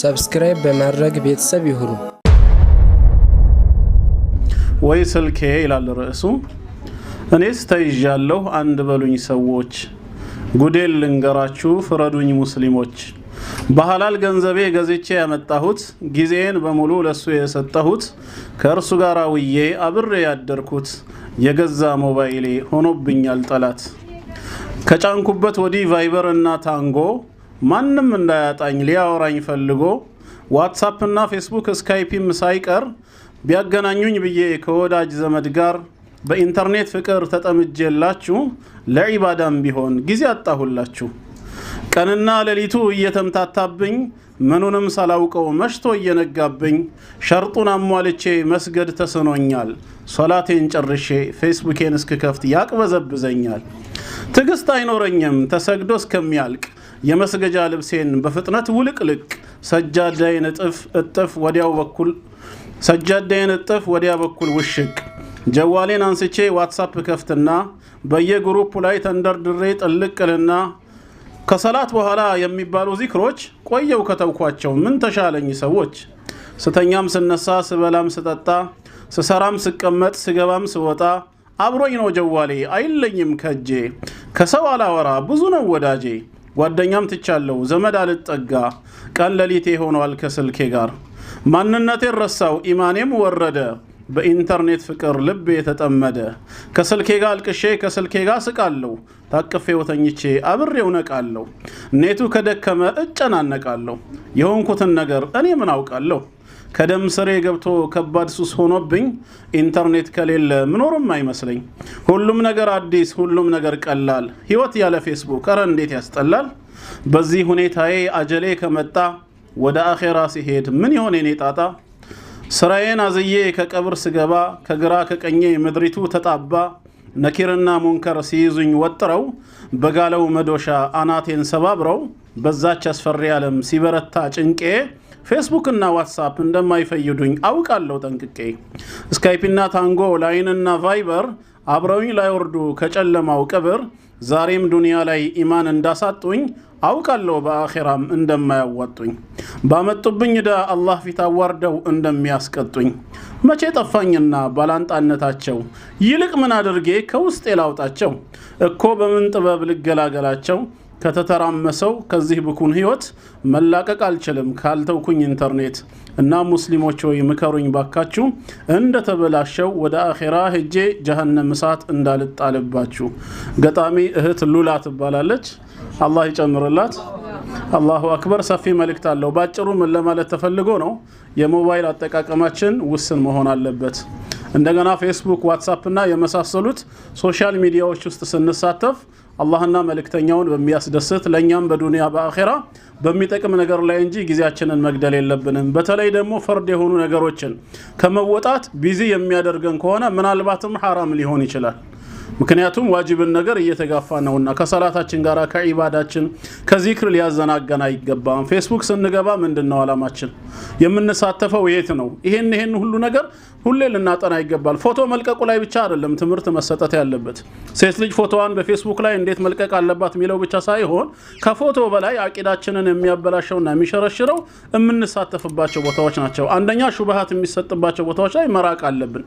ሰብስክራይብ በማድረግ ቤተሰብ ይሁኑ። ወይ ስልኬ ይላል ርዕሱ። እኔስ ተይዣለሁ አንድ በሉኝ ሰዎች፣ ጉዴል ልንገራችሁ ፍረዱኝ ሙስሊሞች። በሐላል ገንዘቤ ገዝቼ ያመጣሁት ጊዜን በሙሉ ለሱ የሰጠሁት ከእርሱ ጋር ውዬ አብሬ ያደርኩት የገዛ ሞባይሌ ሆኖብኛል ጠላት። ከጫንኩበት ወዲህ ቫይበር እና ታንጎ ማንም እንዳያጣኝ ሊያወራኝ ፈልጎ ዋትሳፕ እና ፌስቡክ ስካይፒም ሳይቀር ቢያገናኙኝ ብዬ ከወዳጅ ዘመድ ጋር በኢንተርኔት ፍቅር ተጠምጄላችሁ ለዒባዳም ቢሆን ጊዜ አጣሁላችሁ። ቀንና ሌሊቱ እየተምታታብኝ ምኑንም ሳላውቀው መሽቶ እየነጋብኝ ሸርጡን አሟልቼ መስገድ ተስኖኛል። ሶላቴን ጨርሼ ፌስቡኬን እስክከፍት ያቅበዘብዘኛል። ትዕግስት አይኖረኝም ተሰግዶ እስከሚያልቅ የመስገጃ ልብሴን በፍጥነት ውልቅልቅ ሰጃዳዬን እጥፍ እጥፍ ወዲያው በኩል ሰጃዳዬን እጥፍ ወዲያ በኩል ውሽቅ ጀዋሌን አንስቼ ዋትሳፕ ከፍትና በየግሩፑ ላይ ተንደርድሬ ጥልቅልና ከሰላት በኋላ የሚባሉ ዚክሮች ቆየው ከተውኳቸው ምን ተሻለኝ ሰዎች ስተኛም ስነሳ፣ ስበላም ስጠጣ፣ ስሰራም ስቀመጥ፣ ስገባም ስወጣ አብሮኝ ነው ጀዋሌ አይለኝም ከጄ ከሰው አላወራ ብዙ ነው ወዳጄ ጓደኛም ትቻለው ዘመድ አልጠጋ ቀን ለሊቴ ሆኗል ከስልኬ ጋር ማንነቴን ረሳው ኢማኔም ወረደ በኢንተርኔት ፍቅር ልብ የተጠመደ ከስልኬ ጋር አልቅሼ ከስልኬ ጋር ስቃለሁ፣ ታቅፌ ወተኝቼ አብሬው ነቃለሁ። ኔቱ ከደከመ እጨናነቃለሁ። የሆንኩትን ነገር እኔ ምን አውቃለሁ? ከደም ስሬ ገብቶ ከባድ ሱስ ሆኖብኝ ኢንተርኔት ከሌለ ምኖርም አይመስለኝ። ሁሉም ነገር አዲስ፣ ሁሉም ነገር ቀላል። ህይወት ያለ ፌስቡክ እረ እንዴት ያስጠላል። በዚህ ሁኔታዬ አጀሌ ከመጣ ወደ አኼራ ሲሄድ ምን ይሆን የኔ ጣጣ? ስራዬን አዝዬ ከቀብር ስገባ ከግራ ከቀኜ ምድሪቱ ተጣባ ነኪርና ሙንከር ሲይዙኝ ወጥረው በጋለው መዶሻ አናቴን ሰባብረው በዛች አስፈሪ ዓለም ሲበረታ ጭንቄ ፌስቡክና ዋትሳፕ እንደማይፈይዱኝ አውቃለሁ ጠንቅቄ። ስካይፒና ታንጎ ላይንና ቫይበር አብረውኝ ላይወርዱ ከጨለማው ቅብር ዛሬም ዱንያ ላይ ኢማን እንዳሳጡኝ አውቃለሁ በአኼራም እንደማያዋጡኝ ባመጡብኝ ዕዳ አላህ ፊት አዋርደው እንደሚያስቀጡኝ መቼ ጠፋኝና ባላንጣነታቸው ይልቅ ምን አድርጌ ከውስጤ ላውጣቸው እኮ በምን ጥበብ ልገላገላቸው ከተተራመሰው ከዚህ ብኩን ሕይወት መላቀቅ አልችልም ካልተውኩኝ ኢንተርኔት እና ሙስሊሞች ሆይ ምከሩኝ ባካችሁ እንደተበላሸው ወደ አኼራ ሄጄ ጀሀነም እሳት እንዳልጣልባችሁ። ገጣሚ እህት ሉላ ትባላለች። አላህ ይጨምርላት። አላሁ አክበር። ሰፊ መልእክት አለው። ባጭሩ ምን ለማለት ተፈልጎ ነው? የሞባይል አጠቃቀማችን ውስን መሆን አለበት። እንደገና ፌስቡክ፣ ዋትሳፕ እና የመሳሰሉት ሶሻል ሚዲያዎች ውስጥ ስንሳተፍ አላህና መልእክተኛውን በሚያስደስት ለእኛም በዱንያ በአኼራ በሚጠቅም ነገር ላይ እንጂ ጊዜያችንን መግደል የለብንም። በተለይ ደግሞ ፈርድ የሆኑ ነገሮችን ከመወጣት ቢዚ የሚያደርገን ከሆነ ምናልባትም ሐራም ሊሆን ይችላል። ምክንያቱም ዋጅብን ነገር እየተጋፋ ነውና ከሰላታችን ጋር ከዒባዳችን ከዚክር ሊያዘናጋን አይገባም። ፌስቡክ ስንገባ ምንድን ነው አላማችን? የምንሳተፈው የት ነው? ይሄን ይሄን ሁሉ ነገር ሁሌ ልናጠና ይገባል። ፎቶ መልቀቁ ላይ ብቻ አይደለም ትምህርት መሰጠት ያለበት። ሴት ልጅ ፎቶዋን በፌስቡክ ላይ እንዴት መልቀቅ አለባት የሚለው ብቻ ሳይሆን ከፎቶ በላይ አቂዳችንን የሚያበላሸውና የሚሸረሽረው የምንሳተፍባቸው ቦታዎች ናቸው። አንደኛ ሹብሃት የሚሰጥባቸው ቦታዎች ላይ መራቅ አለብን።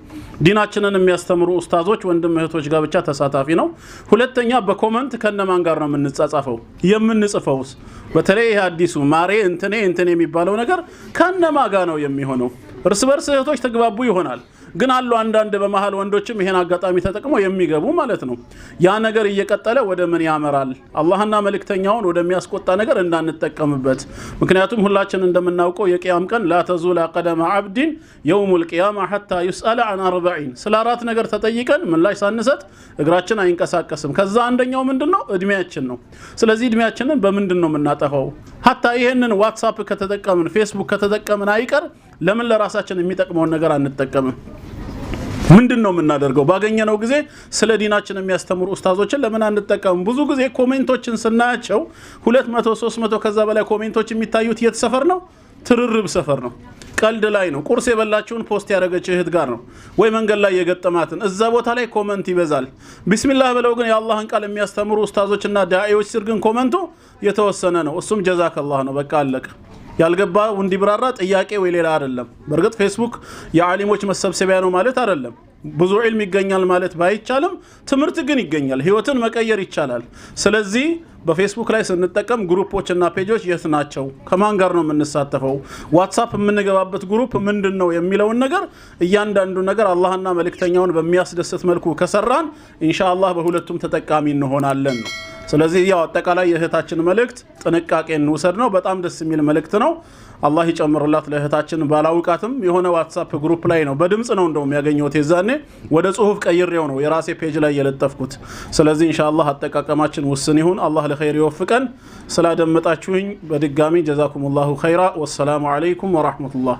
ዲናችንን የሚያስተምሩ ኡስታዞች፣ ወንድም እህቶች ጋር ብቻ ተሳታፊ ነው። ሁለተኛ በኮመንት ከነማን ጋር ነው የምንጻጻፈው የምንጽፈውስ? በተለይ አዲሱ ማሬ እንትኔ እንትኔ የሚባለው ነገር ከነማ ጋር ነው የሚሆነው? እርስ በርስ እህቶች ተግባቡ ይሆናል። ግን አሉ አንዳንድ በመሀል ወንዶችም ይሄን አጋጣሚ ተጠቅመው የሚገቡ ማለት ነው። ያ ነገር እየቀጠለ ወደ ምን ያመራል? አላህና መልእክተኛውን ወደሚያስቆጣ ነገር እንዳንጠቀምበት። ምክንያቱም ሁላችን እንደምናውቀው የቅያም ቀን ላተዙላ ቀደመ አብዲን የውሙል ቅያማ ሐታ ዩስአለ አን አርበዒን ስለ አራት ነገር ተጠይቀን ምላሽ ሳንሰጥ እግራችን አይንቀሳቀስም። ከዛ አንደኛው ምንድን ነው? እድሜያችን ነው። ስለዚህ እድሜያችንን በምንድን ነው የምናጠፋው? ሀታ ይህንን ዋትሳፕ ከተጠቀምን ፌስቡክ ከተጠቀምን አይቀር ለምን ለራሳችን የሚጠቅመውን ነገር አንጠቀምም? ምንድን ነው የምናደርገው? ባገኘነው ጊዜ ስለ ዲናችን የሚያስተምሩ ኡስታዞችን ለምን አንጠቀምም? ብዙ ጊዜ ኮሜንቶችን ስናያቸው ሁለት መቶ ሶስት መቶ ከዛ በላይ ኮሜንቶች የሚታዩት የት ሰፈር ነው? ትርርብ ሰፈር ነው። ቀልድ ላይ ነው። ቁርስ የበላችሁን ፖስት ያደረገች እህት ጋር ነው ወይ መንገድ ላይ የገጠማትን እዛ ቦታ ላይ ኮመንት ይበዛል። ቢስሚላህ ብለው ግን የአላህን ቃል የሚያስተምሩ ኡስታዞችና ዳኢዎች ስር ግን ኮመንቱ የተወሰነ ነው። እሱም ጀዛከላህ ነው። በቃ አለቀ። ያልገባው እንዲብራራ ጥያቄ ወይ ሌላ አይደለም። በእርግጥ ፌስቡክ የዓሊሞች መሰብሰቢያ ነው ማለት አይደለም። ብዙ ዒልም ይገኛል ማለት ባይቻልም ትምህርት ግን ይገኛል። ህይወትን መቀየር ይቻላል። ስለዚህ በፌስቡክ ላይ ስንጠቀም ግሩፖች እና ፔጆች የት ናቸው፣ ከማን ጋር ነው የምንሳተፈው፣ ዋትሳፕ የምንገባበት ግሩፕ ምንድን ነው የሚለውን ነገር እያንዳንዱ ነገር አላህና መልእክተኛውን በሚያስደስት መልኩ ከሰራን ኢንሻ አላህ በሁለቱም ተጠቃሚ እንሆናለን ነው። ስለዚህ ያው አጠቃላይ የእህታችን መልእክት ጥንቃቄ እንውሰድ ነው። በጣም ደስ የሚል መልእክት ነው። አላህ ይጨምርላት ለእህታችን። ባላውቃትም የሆነ ዋትሳፕ ግሩፕ ላይ ነው በድምፅ ነው እንደውም ያገኘሁት። የዛኔ ወደ ጽሁፍ ቀይሬው ነው የራሴ ፔጅ ላይ የለጠፍኩት። ስለዚህ ኢንሻአላህ አጠቃቀማችን ውስን ይሁን። አላህ ለኸይር ይወፍቀን። ስላደመጣችሁኝ በድጋሚ ጀዛኩሙላሁ ኸይራ። ወሰላሙ አለይኩም ወራህመቱላህ